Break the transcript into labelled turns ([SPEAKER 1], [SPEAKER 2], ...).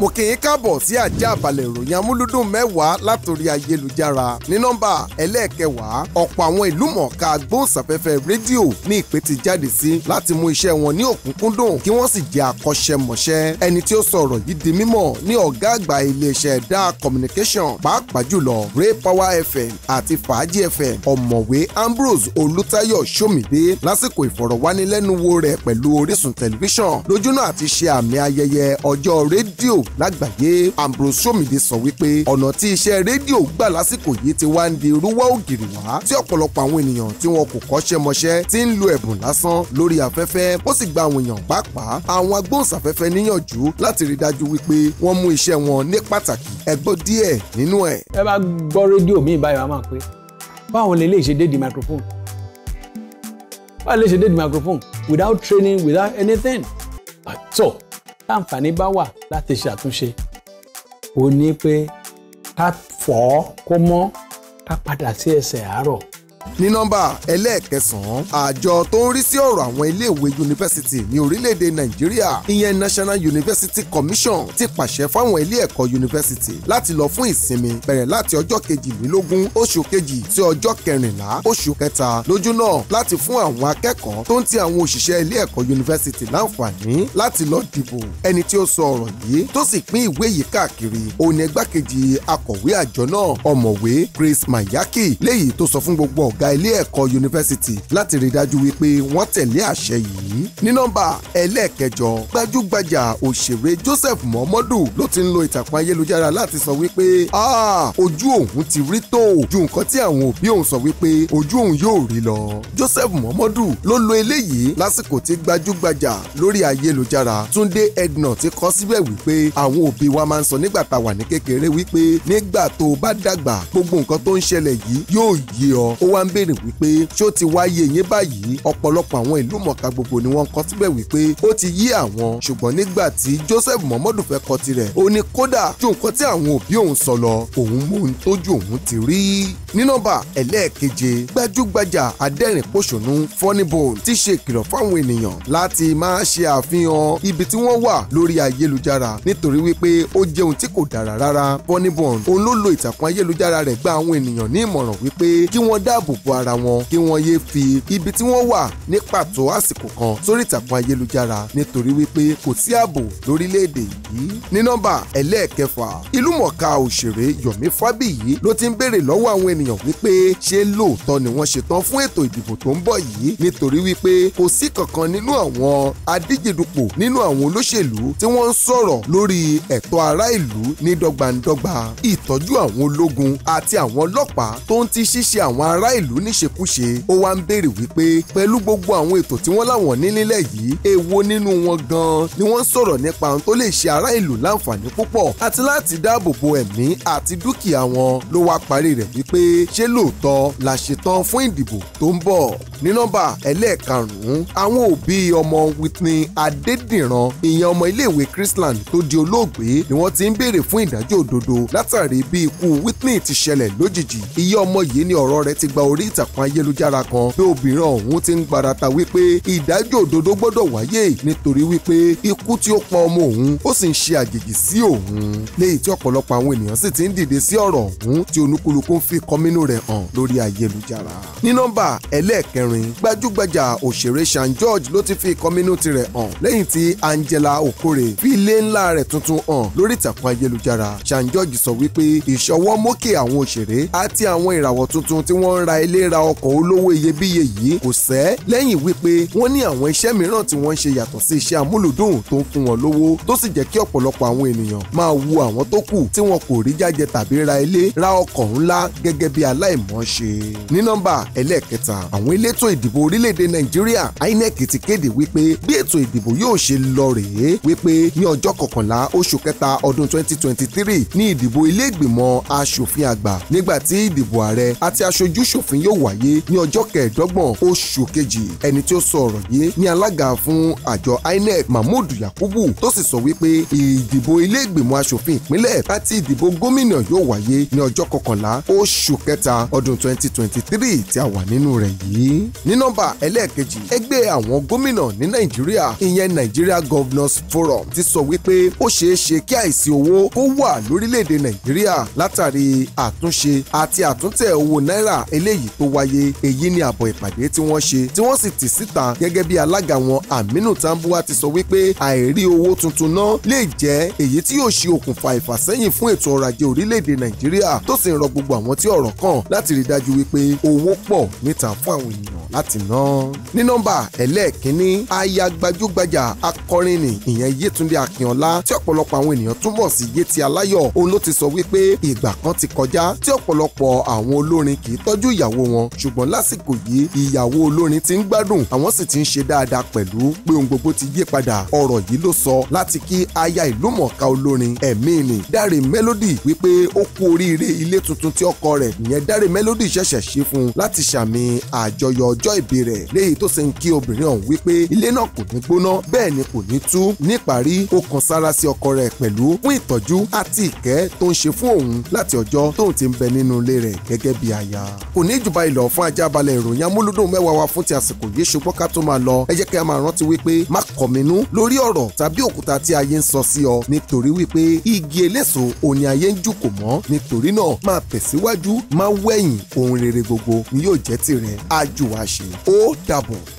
[SPEAKER 1] mo kì í káàbọ̀ sí àjá àbàlẹ̀ ìròyìn amúlúdùn mẹ́wàá látòrí ayélujára ní nọ́mbà ẹlẹ́ẹ̀kẹwàá ọ̀pọ̀ àwọn ìlú mọ̀ọ́ká agbóhùnsáfẹ́fẹ́ rédíò ní ìpè ti jáde sí láti mú iṣẹ́ wọn ní òkúnkúndùn kí wọ́n sì jẹ́ akọ́ṣẹ́mọṣẹ́ ẹni tí ó sọ̀rọ̀ yìí di mímọ̀ ní ọ̀gá àgbà iléeṣẹ́ dá communication pàápàá jùlọ Ray Power FM àti Fàájì FM ọ̀mọ̀wé Ambrose Olútáyọ̀ Ṣómìdé lásìkò ìfọ̀rọ̀wánilẹ́nuwò rẹ̀ pẹ̀lú Orísun tẹlifíṣàn lójúnà àti ṣe àmì ayẹyẹ ọjọ́ rédíò lágbàáyé Ambrose Somide sọ wípé ọ̀nà tí iṣẹ́ rédíò gbà lásìkò yìí ti wá ń di irúwá ògiri wá tí ọ̀pọ̀lọpọ̀ àwọn ènìyàn tí wọn kò kọ́ṣẹ́mọṣẹ́ ti ń lo ẹ̀bùn lásán lórí afẹ́fẹ́ ó sì gba àwọn èèyàn pàápàá àwọn agbóhùnsáfẹ́fẹ́ níyànjú láti rí dájú wípé wọ́n mú iṣẹ́ wọn ní pàtàkì ẹ gbọ́ díẹ̀ nínú ẹ̀. ẹ bá gbọ́ rédíò míì báyọ̀ á máa pé báwo lè lè ṣe dé microphone báwo lè ṣe dé microphone without training without anything. so táǹfààní bá wà láti ṣàtúnṣe ó ní pé ká fọ̀ ọ́ kó mọ́ ká padà sí ẹsẹ̀ àárọ̀ ní nọ́mbà ẹlẹ́ẹ̀kẹsàn-án àjọ tó ń rí sí ọ̀rọ̀ àwọn iléèwé yunifásitì ní orílẹ̀-èdè nàìjíríà ìyẹn national university commission ti pàṣẹ fáwọn ilé ẹ̀kọ́ yunifásitì láti lọ fún ìsinmi bẹ̀rẹ̀ láti ọjọ́ kejìlélógún oṣù kejì sí ọjọ́ kẹrìnlá oṣù kẹta lójú náà láti fún àwọn akẹ́kọ̀ọ́ tó ń ti àwọn òṣìṣẹ́ ilé ẹ̀kọ́ yunifásitì láǹfààní láti lọ dìbò ẹni tí ó sọ ọ̀rọ̀ yìí tó sì pín ìwé yìí káàkiri òun ẹgbàkejì akọ̀wé àjọ náà ọ̀mọ̀wé Chris Mayaki léyìí tó sọ fún gbogbo ọ̀g ọ̀gá ilé ẹ̀kọ́ yunifásitì láti rí dájú wípé wọ́n tẹ̀lé àṣẹ yìí. ní nọ́mbà ẹlẹ́ẹ̀kẹjọ gbajúgbajà òṣèré Joseph Muhammadu ló ti ń lo ìtàkùn ayélujára láti sọ wípé ojú òun ti rí tó ju nǹkan tí àwọn òbí òun sọ wípé ojú òun yóò rí lọ. Joseph Muhammadu ló lo eléyìí lásìkò tí gbajúgbajà lórí ayélujára Túndé Edna ti kọ síbẹ̀ wípé àwọn òbí wa máa ń sọ nígbà tá a wà ní kékeré wípé nígbà tó o bá dàgbà gbogbo nǹkan tó ń ṣẹlẹ̀ yìí yóò yé ọ ó wá ń ń béèrè wípé ṣé ó ti wáyé yín báyìí ọ̀pọ̀lọpọ̀ àwọn ìlú mọ̀ọ́ká gbogbo ni wọ́n kọ síbẹ̀ wípé ó ti yé àwọn ṣùgbọ́n nígbà tí Joseph Muhammadu fẹ́ kọ tirẹ̀ ó ní kódà ju nǹkan tí àwọn òbí òun sọ lọ òun mú un tójú òun ti rí ní nọ́mbà ẹlẹ́ẹ̀keje gbajúgbajà adẹ́rìn-pòṣónú Funnybone ti ṣe ìkìlọ̀ fáwọn ènìyàn láti máa ṣe àfihàn ibi tí wọ́n wà lórí ayélujára nítorí wípé ó jẹ́ ohun tí kò dára rárá Funnybone òun ló lo ìtàkùn ayélujára rẹ̀ gba àwọn ènìyàn ní ìmọ̀ràn wípé kí wọ́n dáàb dáàbò bo ara wọn kí wọ́n yéé fi ibi tí wọ́n wà ní pàtó àsìkò kan sórí ìtàkùn ayélujára nítorí wípé kò sí ààbò lórílẹ̀‐èdè yìí. ní nọ́mbà ẹlẹ́ẹ̀kẹfà ìlúmọ̀ọ́ká òṣèré Yọ̀mí Fábíyì ló ti ń béèrè lọ́wọ́ àwọn ènìyàn wípé ṣé lóòótọ́ ni wọ́n ṣetán fún ètò ìdìbò tó ń bọ̀ yìí nítorí wípé kò sí kankan nínú àwọn adíjedupò nínú àwọn olóṣèlú tí wọ́n ń sọ̀rọ̀ lórí ẹ̀tọ́ ará ìlú ní dọ́gbandọ́gba ìtọ́jú àwọn ológun àti àwọn ọlọ́pàá tó ń ti ṣíṣe àwọn ará ìlú níṣekúṣe ó wá ń béèrè wípé pẹ̀lú gbogbo àwọn ètò tí wọ́n láwọn nílẹ̀ yìí èwo nínú wọn gan-an ni wọ́n ń sọ̀rọ̀ nípa ohun tó lè ṣe ará ìlú láǹfààní púpọ̀ àti láti dáàbò bo ẹ̀mí àti dúkìá wọn ló wá parí rẹ̀ wípé ṣé lóòótọ́ la ṣetán fún ìdìbò tó ń bọ̀ ní nọ́mbà ẹlẹ́ẹ̀karùn-ún àwọn òbí ọmọ Whitney Adédìran ìyẹn ọmọ iléèwé Chrisland tó di olóògbé ni wọ́n ti ń béèrè fún ìdájọ́ òdodo látàrí bí ikú Whitney ti ṣẹlẹ̀ lójijì iye ọmọ yìí ni ọ̀rọ̀ rẹ̀ ti gba orí ìtàkùn ayélujára kan pé obìnrin ọ̀hún ti ń gbarata wípé ìdájọ́ òdodo gbọ́dọ̀ wáyé nítorí wípé ikú tí ó pa ọmọ òun ó sì ń ṣe àjèjì sí òun léyìí tí ọ̀pọ̀lọpọ̀ àwọn ènìyàn sì ti ń dìde sí ọ̀rọ̀ ọ̀hún tí olúkúlùkù ń fi kọminú rẹ̀ hàn lórí ayélujára ní nọ́mbà ẹlẹ́ẹ̀kẹrin kẹrin gbajúgbajà òṣèré Sean George ló ti fi ìkọminú tirẹ̀ hàn lẹ́yìn tí Angela Okore fi ilé ńlá rẹ̀ tuntun hàn lórí ìtàkùn ayélujára Sean George sọ wípé ìṣọwọ́ mókè àwọn òṣèré àti àwọn ìràwọ̀ tuntun tí wọ́n ń ra ilé ra ọkọ̀ olówó iyebíye yìí kò sẹ́ lẹ́yìn wípé wọ́n ní àwọn iṣẹ́ mìíràn tí wọ́n ń ṣe yàtọ̀ sí iṣẹ́ amúlùdùn tó ń fún wọn lówó tó sì jẹ́ kí ọ̀pọ̀lọpọ̀ àwọn ènìyàn máa wu àwọn tó kù tí wọn kò rí jájẹ elétò ìdìbò orílẹ̀-èdè nàìjíríà inec ti kéde wípé bí ètò ìdìbò yóò ṣe lọ rèé wípé ní ọjọ́ kọkànlá oṣù kẹta ọdún 2023 ní ìdìbò ilé ìgbìmọ̀ asòfin àgbà nígbà tí ìdìbò ààrẹ àti aṣojú ṣòfin yóò wáyé ní ọjọ́ kẹẹ̀ẹ́dọ́gbọ̀n oṣù kejì ẹni tí ó sọ ọ̀rọ̀ yìí ní alága fún àjọ inec mahmood yakubu tó sì sọ wípé ìdìbò ilé ìgbìmọ̀ asòfin ìpínlẹ̀ àti ìdìbò gómìnà yóò wáyé ní ọjọ́ kọkànlá oṣù kẹta ọdún 2023 tí a wà nínú rẹ̀ yìí ní nọ́mbà ẹlẹ́ẹ̀kejì ẹgbẹ́ àwọn gómìnà ní nàìjíríà ìyẹn nigeria governors forum ti sọ wípé ó ṣeé ṣe kí àìsí owó kó wà lórílẹ̀‐èdè nàìjíríà látàrí àtúnṣe àti àtúntẹ̀ owó náírà eléyìí tó wáyé èyí ni àbọ̀ ìpàdé tí wọ́n ṣe tí wọ́n sì tì síta gẹ́gẹ́ bí alága wọn aminu tambuwa ti sọ wípé àìrí owó tuntun náà lè jẹ́ èyí tí yóò ṣe okùnfà ìfàsẹ́yìn fún ètò ọrọ̀ ajé orílẹ̀-èdè nàìjíríà tó sì ń rọ gbogbo àwọn tí ọ̀rọ̀ kàn láti rí dájú wípé owó pọ̀ níta fún àwọn ènìyàn láti ná. ní nọ́mbà ẹlẹ́ẹ̀kínní aya gbajúgbajà akọrin ni ìyẹn Yétúndé Akínọlá tí ọ̀pọ̀lọpọ̀ àwọn ènìyàn túmọ̀ sí Yétí Aláyọ̀ òun ló ti sọ wípé ìgbà kan ti kọjá tí ọ̀pọ̀lọpọ̀ àwọn olórin kì í tọ́jú ìyàwó wọn ṣùgbọ́n lásìkò yìí ìyàwó olórin ti ń gbádùn àwọn sì ti ń ṣe dáadáa pẹ̀lú pé ohun gbogbo ti yí padà ọ̀rọ̀ yìí ló sọ láti kí aya ìlúmọ̀ọ́ká olórin ẹ̀mí ni Dáre Melody wípé ó kú oríire ilé tuntun tí ọkọ rẹ̀ ìyẹn Dáre Melody ṣẹ̀ṣẹ̀ ṣe fún un láti ṣàmì àjọyọ̀ ọjọ́ ìbí rẹ̀ léyìí tó sì ń kí obìnrin ọ̀hún wípé ilé náà kò ní gbóná bẹ́ẹ̀ ni kò ní tú níparí ó kan sára sí ọkọ rẹ̀ pẹ̀lú fún ìtọ́jú àti ìkẹ́ tó ń ṣe fún òun láti ọjọ́ tóun ti ń bẹ nínú ilé rẹ̀ gẹ́gẹ́ bí aya. kò ní jùbá ìlọ fún ajábalẹ̀ ìròyìn amúlùdùn mẹ́wàá wa fún ti àsìkò yìí ṣùgbọ́n ká tó máa lọ ẹ jẹ́ kí a máa rántí wípé má kọ̀mínú lórí ọ̀rọ̀ tàbí òkúta tí ayé ń sọ sí ọ nítorí wípé igi eléso òní ayé ń jù kò mọ́ nítorí náà máa tẹ̀síwájú máa wẹ̀yìn ohun rere gbogbo ni yóò jẹ́ tirẹ̀ àjùwà ṣe ó dàbọ̀.